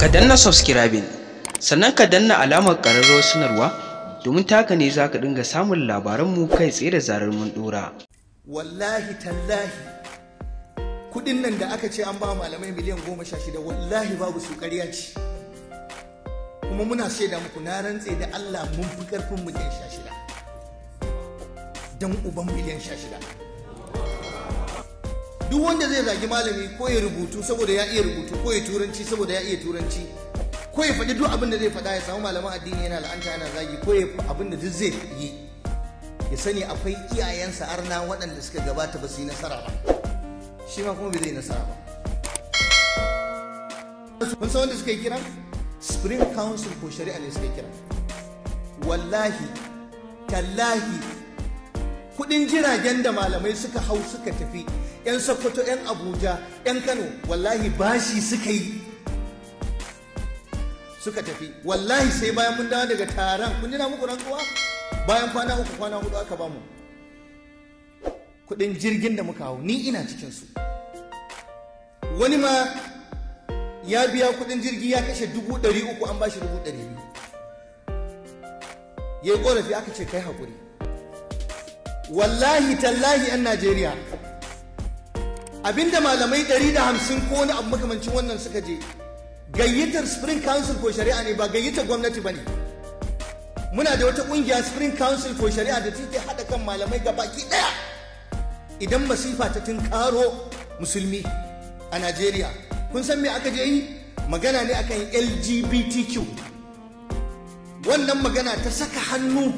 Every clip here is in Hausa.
ka danna subscribing sannan ka danna alamar ƙararrawar sanarwa domin taka ne za ka dinga samun labaranmu kai tsaye da zarar mun dora wallahi tallahi kudin nan da aka ce an ba malamai miliyan goma sha shida wallahi babu su ƙarya ce kuma muna shaida muku na rantse da allah mun fi ƙarfin miliyan sha shida don uban miliyan sha shida duk wanda zai zagi malami ko ya rubutu saboda ya iya rubutu ko ya turanci saboda ya iya turanci ko ya faɗi duk abin da zai faɗa ya samu malaman addini yana la'anta yana zagi ko ya abin da duk zai yi ya sani akwai iyayensa arna waɗanda suka gabata ba su yi nasara ba shi ma kuma bai zai nasara ba kun san wanda suka yi kira spring council ko shari'a ne suka yi kira wallahi tallahi kudin jiragen da malamai suka hau suka tafi 'yan sokoto 'yan abuja 'yan kano wallahi bashi suka yi suka tafi wallahi sai bayan mun dawo daga taron kun jina muku rantsuwa bayan kwana uku kwana hudu aka bamu kudin jirgin da muka hau ni ina cikin su wani ma ya biya kudin jirgi ya kashe dubu ɗari uku an bashi dubu ɗari biyu ya yi ƙorafi aka ce kai haƙuri wallahi tallahi 'yan najeriya abinda malamai 150 ko wani abu makamancin wannan suka je gayyatar spring council ko shari'a ne ba gayyatar gwamnati ba ne muna da wata kungiya spring council ko shari'a da take haɗa kan malamai ga baki ɗaya idan masifa ta tun karo musulmi a najeriya kun san me aka je yi magana ne akan lgbtq wannan magana ta saka hannu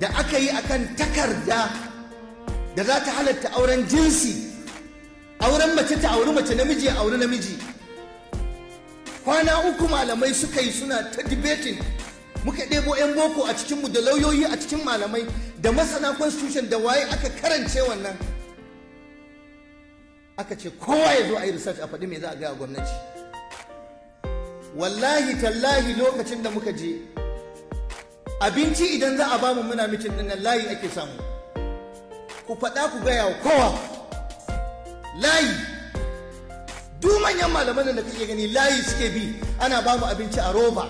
da aka yi akan takarda da za ta halatta auren jinsi auren mace ta auri mace namiji ya auri namiji kwana uku malamai suka yi suna ta debating muka ɗebo 'yan boko a cikinmu da lauyoyi a cikin malamai da masana constitution da waye aka karance wannan aka ce kowa ya zo a yi research a faɗi me za a gaya gwamnati wallahi tallahi lokacin da muka je abinci idan za a bamu muna mitin ɗin layi ake samu ku faɗa ku gaya wa kowa layi duk manyan malaman da kake gani layi suke bi ana ba mu abinci a roba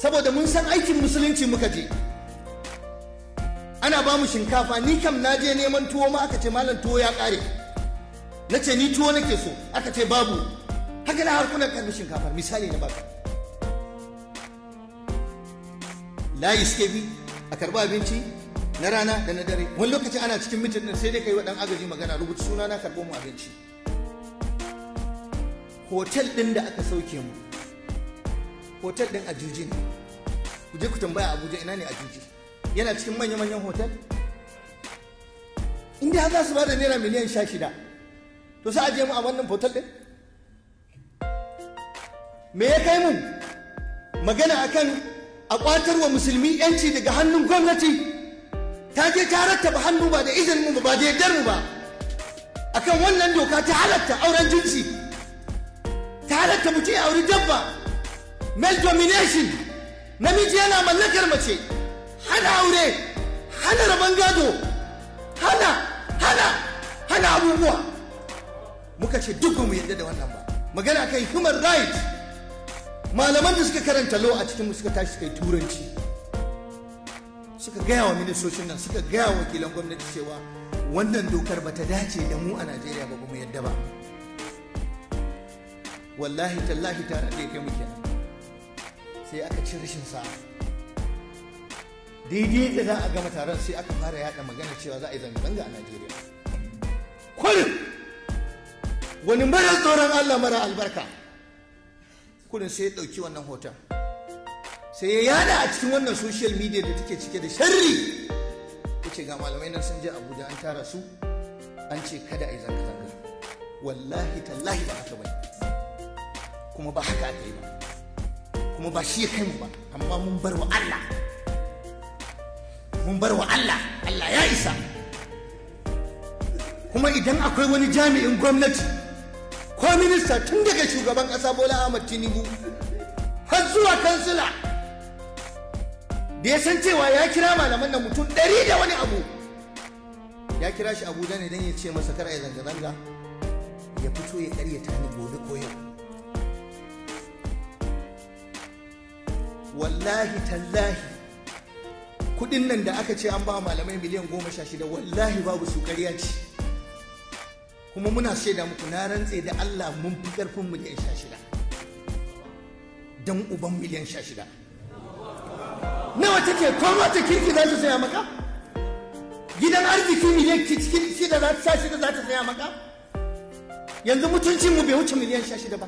saboda mun san aikin musulunci muka je ana ba mu shinkafa ni kam na je neman tuwo ma aka ce malam tuwo ya kare na ce ni tuwo nake so aka ce babu haka na harkunan karbi shinkafar misali na baka layi suke bi a karbi abinci na rana da na dare wani lokaci ana cikin mitin sai dai kai wa dan agaji magana rubuta suna na karɓo mu abinci hotel din da aka sauke mu hotel din ajuji ne ku je ku tambaya abuja ina ne ajuji yana cikin manya-manyan hotel inda har za su bada naira miliyan sha shida to sai aje mu a wannan hotel din me ya kai mun magana akan a musulmi yanci daga hannun gwamnati ta je ta rattaba hannu ba da izinin mu ba da yardar mu ba akan wannan doka ta halatta auren jinsi ta halatta mutum ya auri dabba male domination namiji yana mallakar mace hana aure hana rabon gado hana hana hana abubuwa muka ce duk mu yarda da wannan ba magana kai human rights malaman da suka karanta law a cikin suka tashi suka yi turanci suka gaya wa ministocin nan suka gaya wa wakilan gwamnati cewa wannan dokar ba ta dace da mu a najeriya ba kuma yadda ba wallahi tallahi ta rade kai muke sai aka ci rashin sa'a daidai da za a gama taron sai aka fara yada magana cewa za a yi zanga-zanga a najeriya kwarin wani mara tsoron allah mara albarka kudin sai ya ɗauki wannan hoton sai ya yada a cikin wannan social media da take cike da sharri ya ce ga malamai nan sun je abuja an tara su an ce kada a yi zanga-zanga wallahi tallahi ba haka ba kuma ba haka aka yi ba kuma ba shi ya kai mu ba amma mun bar wa Allah mun bar wa Allah Allah ya isa kuma idan akwai wani jami'in gwamnati ko minista tun daga shugaban ƙasa Bola Ahmad Tinubu har zuwa kansila da ya san cewa ya kira malaman nan mutum ɗari da wani abu ya kira shi abuja ne don ya ce masa kar a zanga-zanga ya fito ya karyata ni gobe ko wallahi tallahi kudin nan da aka ce an ba malamai miliyan goma sha shida wallahi babu su karya ce kuma muna shaida muku na rantse da allah mun fi karfin miliyan sha shida don uban miliyan sha shida nawa take koma ta kirki za ta saya maka gidan arziki miliyan cikin shida za ta shida za ta saya maka yanzu mutuncinmu bai wuce miliyan sha shida ba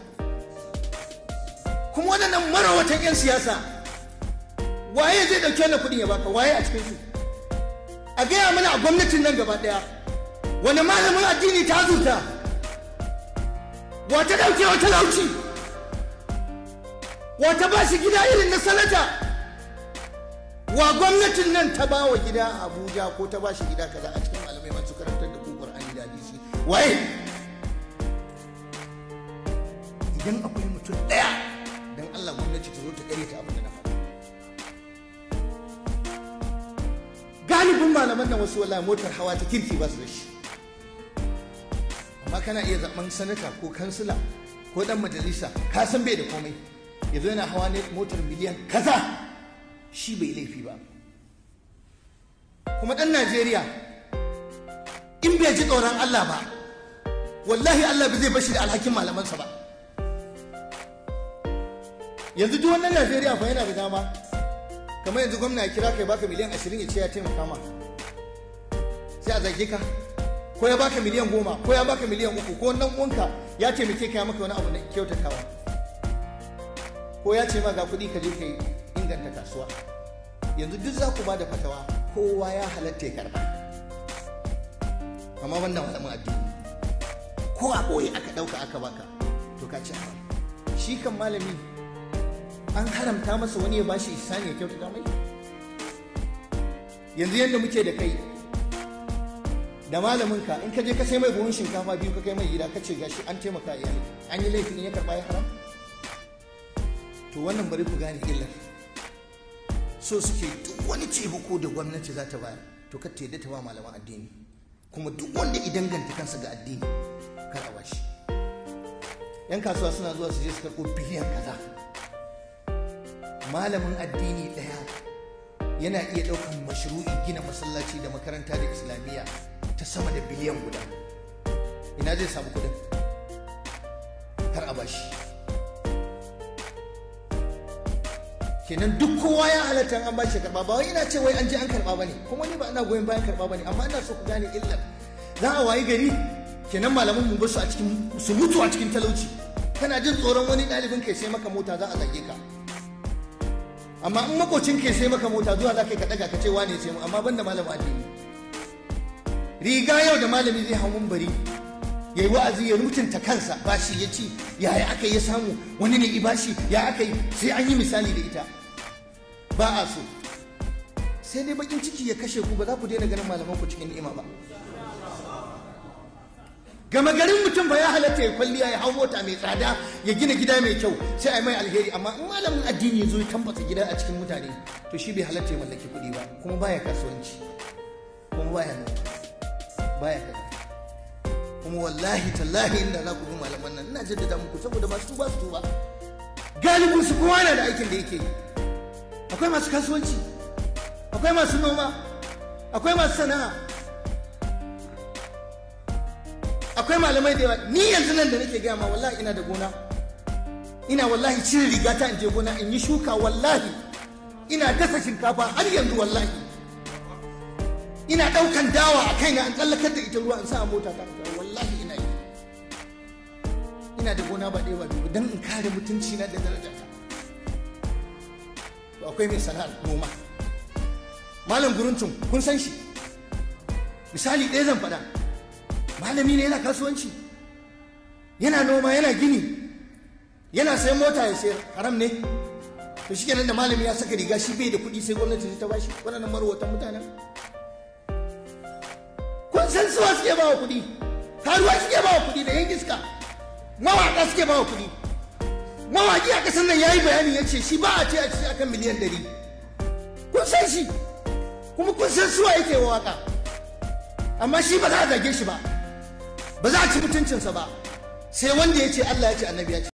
kuma waɗannan marawatan 'yan siyasa waye zai ɗauki wani kuɗin ya baka waye a cikin su a gaya mana a gwamnatin nan gaba ɗaya wani malamin addini ta zuta wata ɗauke wata lauci? wata ba shi gida irin na sanata wa gwamnatin nan ta ba wa gida abuja ko ta ba shi gida kaza a cikin malamai masu karantar da kukur an da su? waye idan akwai mutum daya don allah gwamnati ta zo ta kare ta abin da na faɗa galibin malaman nan wasu wala motar hawa ta kirki ba su da shi amma kana iya zaɓen sanata ko kansila ko ɗan majalisa ka san bai da komai yanzu yana hawa ne motar miliyan kaza shi bai laifi ba kuma ɗan najeriya in bai ji tsoron allah ba wallahi allah bai zai bashi da alhakin malamansa ba yanzu duk wannan najeriya fa yana da dama kamar yanzu gwamna ya kira ka ya baka miliyan ashirin ya ce ya taimaka ma sai a zage ka ko ya baka miliyan goma ko ya baka miliyan uku ko wannan uwanka ya taimake ka ya maka wani abu na kyautatawa ko ya ce ma ga kuɗi ka je ka yi inganta ka yanzu duk za ku ba da fatawa kowa ya halatta ya karba amma wannan malamin addini ko a ɓoye aka ɗauka aka baka to ka ci shi kan malami an haramta masa wani ya bashi ihsani ya kyautata mai yanzu yadda muke da kai da malamin ka in ka je ka sai mai buhun shinkafa biyu ka kai mai gida ka ce gashi an taimaka iyali an yi laifin ya karba ya haram to wannan bari ku gane illar so suke duk wani ce taimako da gwamnati za ta bayar to ka yadda ta ba malaman addini kuma duk wanda idan ganta kansa ga addini kar a bashi yan kasuwa suna zuwa su je su karɓo biliyan kaza malamin addini ɗaya yana iya ɗaukan mashru'i gina masallaci da makaranta da islamiyya ta sama da biliyan guda ina zai samu kudin kar a bashi kenan duk kowa ya halatta an bace karba ba wai ina ce wai an je an karba bane kuma ni ba ina goyon bayan karba bane amma ina so ku gane illar za a wayi gari kenan malaman mu bar su a cikin su mutu a cikin talauci kana jin tsoron wani dalibin kai sai maka mota za a zage ka amma in makocin kai sai maka mota zuwa za ka ka daga ka ce wane sai mu amma banda malamin addini riga yau da malami zai hau mambari. bari ya yi wa'azi ya mutunta kansa bashi ya ci yaya aka yi samu wani ne bashi ya aka yi sai an yi misali da ita ba a so sai dai bakin ciki ya kashe ku ba za ku daina ganin malaman ku cikin ni'ima ba gama garin mutum ba ya halatta ya kwalliya ya hau mota mai tsada ya gina gida mai kyau sai a mai alheri amma in malamin addini ya zo ya tambata gida a cikin mutane to shi bai halatta ya mallaki kuɗi ba kuma baya kasuwanci kuma baya nan baya kasuwanci. kuma wallahi tallahi inda za ku bi malaman nan ina jaddada muku saboda masu tuba su tuba galibin su kowa na da aikin da yake akwai masu kasuwanci akwai masu noma akwai masu sana'a akwai malamai da yawa ni yanzu nan da nake gaya ma wallahi ina da gona ina wallahi cire ta in je gona in yi shuka wallahi ina dasa shinkafa har yanzu wallahi ina ɗaukan dawa a kaina an tsallakar da ita ruwa in sa a mota ta ina da gona ba ɗaya ba biyu don in kare mutunci na da daraja ba akwai mai sana'ar noma malam guruntun kun san shi misali ɗaya zan faɗa malami ne yana kasuwanci yana noma yana gini yana sayan mota ya sayar haram ne to shi kenan da malami ya saka riga shi bai da kuɗi sai gwamnati ta bashi waɗannan marwatan mutanen kun san suwa suke ba wa kuɗi karuwa suke ba wa kuɗi da yan iska mawaƙa suke ba kuɗi mawaƙi a ƙasar nan ya yi bayani ya ce shi ba a ce a ci akan miliyan ɗari kun san shi kuma kun san suwa yake waƙa amma shi ba za a zage shi ba ba za a ci mutuncinsa ba sai wanda ya ce Allah ya ce annabi ya ce